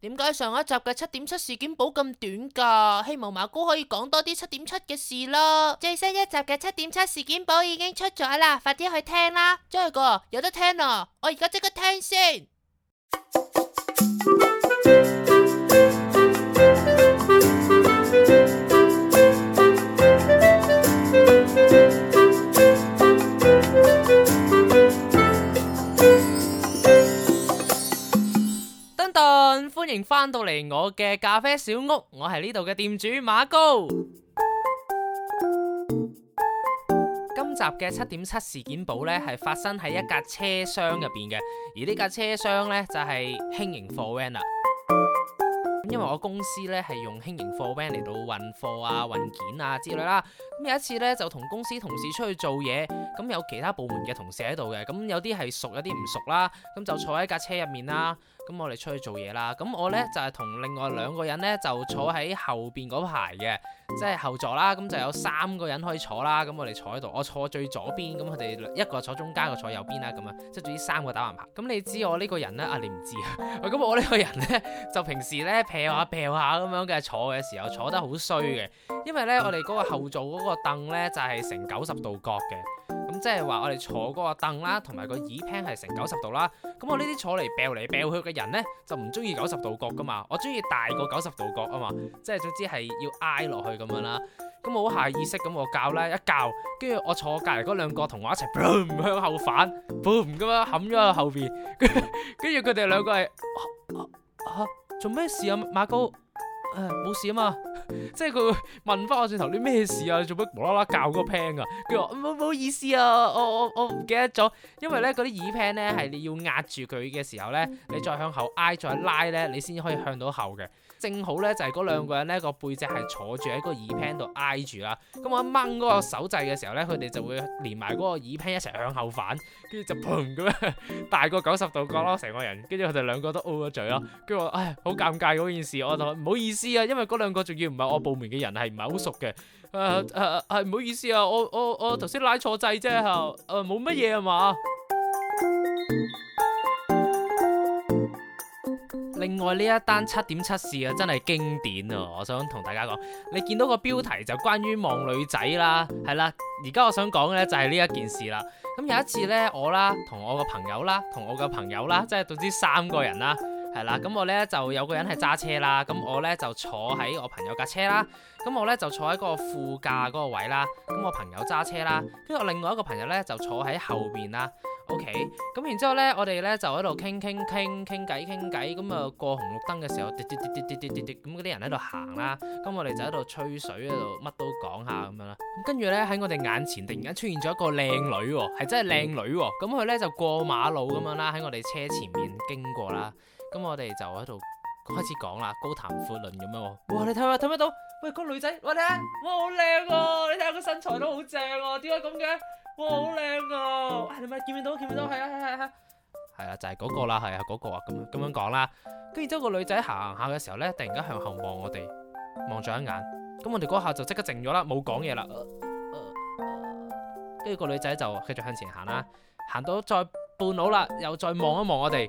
點解上一集嘅七點七事件簿咁短噶？希望馬哥可以講多啲七點七嘅事囉。最新一集嘅七點七事件簿已經出咗啦，快啲去聽啦。真係噶，有得聽囉！我而家即刻聽先。歡迎翻到嚟我嘅咖啡小屋，我係呢度嘅店主馬高。 今集嘅七點七事件簿呢，係發生喺一架車廂入邊嘅，而呢架車廂呢，就係、是、輕型貨 van、啊因為我公司咧係用輕型貨 van 嚟到運貨啊、運件啊之類啦。咁有一次咧就同公司同事出去做嘢，咁有其他部門嘅同事喺度嘅，咁有啲係熟，有啲唔熟啦。咁就坐喺架車入面啦。咁我哋出去做嘢啦。咁我咧就係、是、同另外兩個人咧就坐喺後邊嗰排嘅。即係後座啦，咁就有三個人可以坐啦，咁我哋坐喺度，我坐最左邊，咁佢哋一個坐中間，一個坐右邊啦，咁啊，即係做啲三個打橫排。咁你知我呢個人呢？啊你唔知啊，咁 我呢個人呢，就平時呢，劈下劈下咁樣嘅，坐嘅時候坐得好衰嘅，因為呢，我哋嗰個後座嗰個凳呢，就係成九十度角嘅。即係話我哋坐個凳啦，同埋個椅 pan 係成九十度啦。咁我呢啲坐嚟，飆嚟飆去嘅人咧，就唔中意九十度角噶嘛。我中意大過九十度角啊嘛。即係總之係要挨落去咁樣啦。咁我好下意識咁我教啦，一教，跟住我坐隔籬嗰兩個同我一齊 boom 向後反 boom 咁樣冚咗去後邊。跟住佢哋兩個係、啊啊啊、做咩事啊？馬高誒冇事嘛？即係佢問翻我轉頭，你咩事啊？你做乜無啦啦教嗰個 pan 啊？佢話唔好意思啊，我我我唔記得咗，因為咧嗰啲耳 pan 咧係你要壓住佢嘅時候咧，你再向後挨再拉咧，你先可以向到後嘅。正好，咧就係嗰兩個人咧個背脊係坐住喺個耳 pan 度挨住啦。咁我一掹嗰個手掣嘅時候咧，佢哋就會連埋嗰個耳 pan 一齊向後反，跟住就嘭咁樣大過九十度角咯，成個人。跟住佢哋兩個都 o 咗嘴咯。跟住我話，唉，好尷尬嗰件事，我就唔好意思啊，因為嗰兩個仲要唔。.我部門嘅人係唔係好熟嘅，誒誒係，唔好意思啊，我我我頭先拉錯掣啫，吓、呃，冇乜嘢啊嘛。 另外呢一單七點七事啊，真係經典啊！我想同大家講，你見到個標題就關於望女仔啦，係啦，而家我想講嘅咧就係呢一件事啦。咁有一次咧，我啦同我個朋友啦，同我個朋友啦，即係總之三個人啦。係啦，咁我咧就有個人係揸車啦，咁我咧就坐喺我朋友架車啦，咁我咧就坐喺個副駕嗰個位啦，咁我朋友揸車啦，跟住我另外一個朋友咧就坐喺後邊啦。OK，咁然之後咧，我哋咧就喺度傾傾傾傾偈傾偈，咁啊過紅綠燈嘅時候，滴滴滴滴滴滴滴滴，咁嗰啲人喺度行啦，咁我哋就喺度吹水喺度，乜都講下咁樣啦。咁跟住咧喺我哋眼前突然間出現咗一個靚女，係真係靚女喎，咁佢咧就過馬路咁樣啦，喺我哋車前面經過啦。咁我哋就喺度開始講啦，高談闊論咁樣。哇，你睇下，睇唔睇到？喂，嗰個女仔，我睇下，哇，好靚啊！你睇下個身材都好正啊，點解咁嘅？哇，好靚啊！係咪見唔到？見唔到？係、嗯嗯嗯嗯嗯、啊，係係係，係啦，就係嗰個啦，係啊，嗰、嗰個啊，咁咁樣講啦。跟住之後，個女仔行下嘅時候咧，突然間向後望我哋望咗一眼，咁我哋嗰下就即刻靜咗啦，冇講嘢啦。跟、嗯、住、嗯、個女仔就繼續向前行啦，行到再半路啦，又再望一望我哋。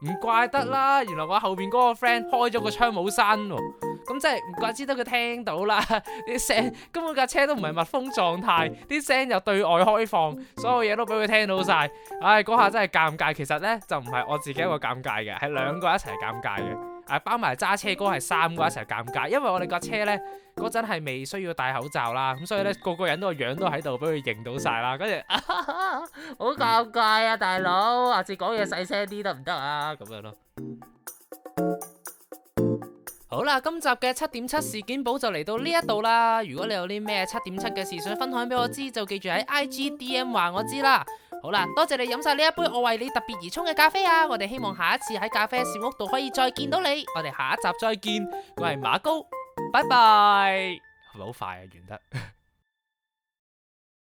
唔怪得啦，原來我後邊嗰個 friend 開咗個窗冇閂喎，咁真係唔怪之得佢聽到啦。啲 聲根本架車都唔係密封狀態，啲聲又對外開放，所有嘢都俾佢聽到晒。唉、哎，嗰下真係尷尬。其實呢，就唔係我自己一個尷尬嘅，係兩個一齊尷尬嘅。啊，包埋揸車哥係三個一齊尷尬，因為我哋架車咧嗰陣係未需要戴口罩啦，咁所以咧個個人都個樣都喺度，俾佢認到晒啦，跟住 好尷尬啊，大佬，下次講嘢細聲啲得唔得啊？咁樣咯。 好啦，今集嘅七點七事件簿就嚟到呢一度啦。如果你有啲咩七點七嘅事想分享俾我知，就記住喺 IGDM 話我知啦。好啦，多謝你飲晒呢一杯我為你特別而沖嘅咖啡啊！我哋希望下一次喺咖啡小屋度可以再見到你，我哋下一集再見，我係馬高，拜拜，好快啊，完得。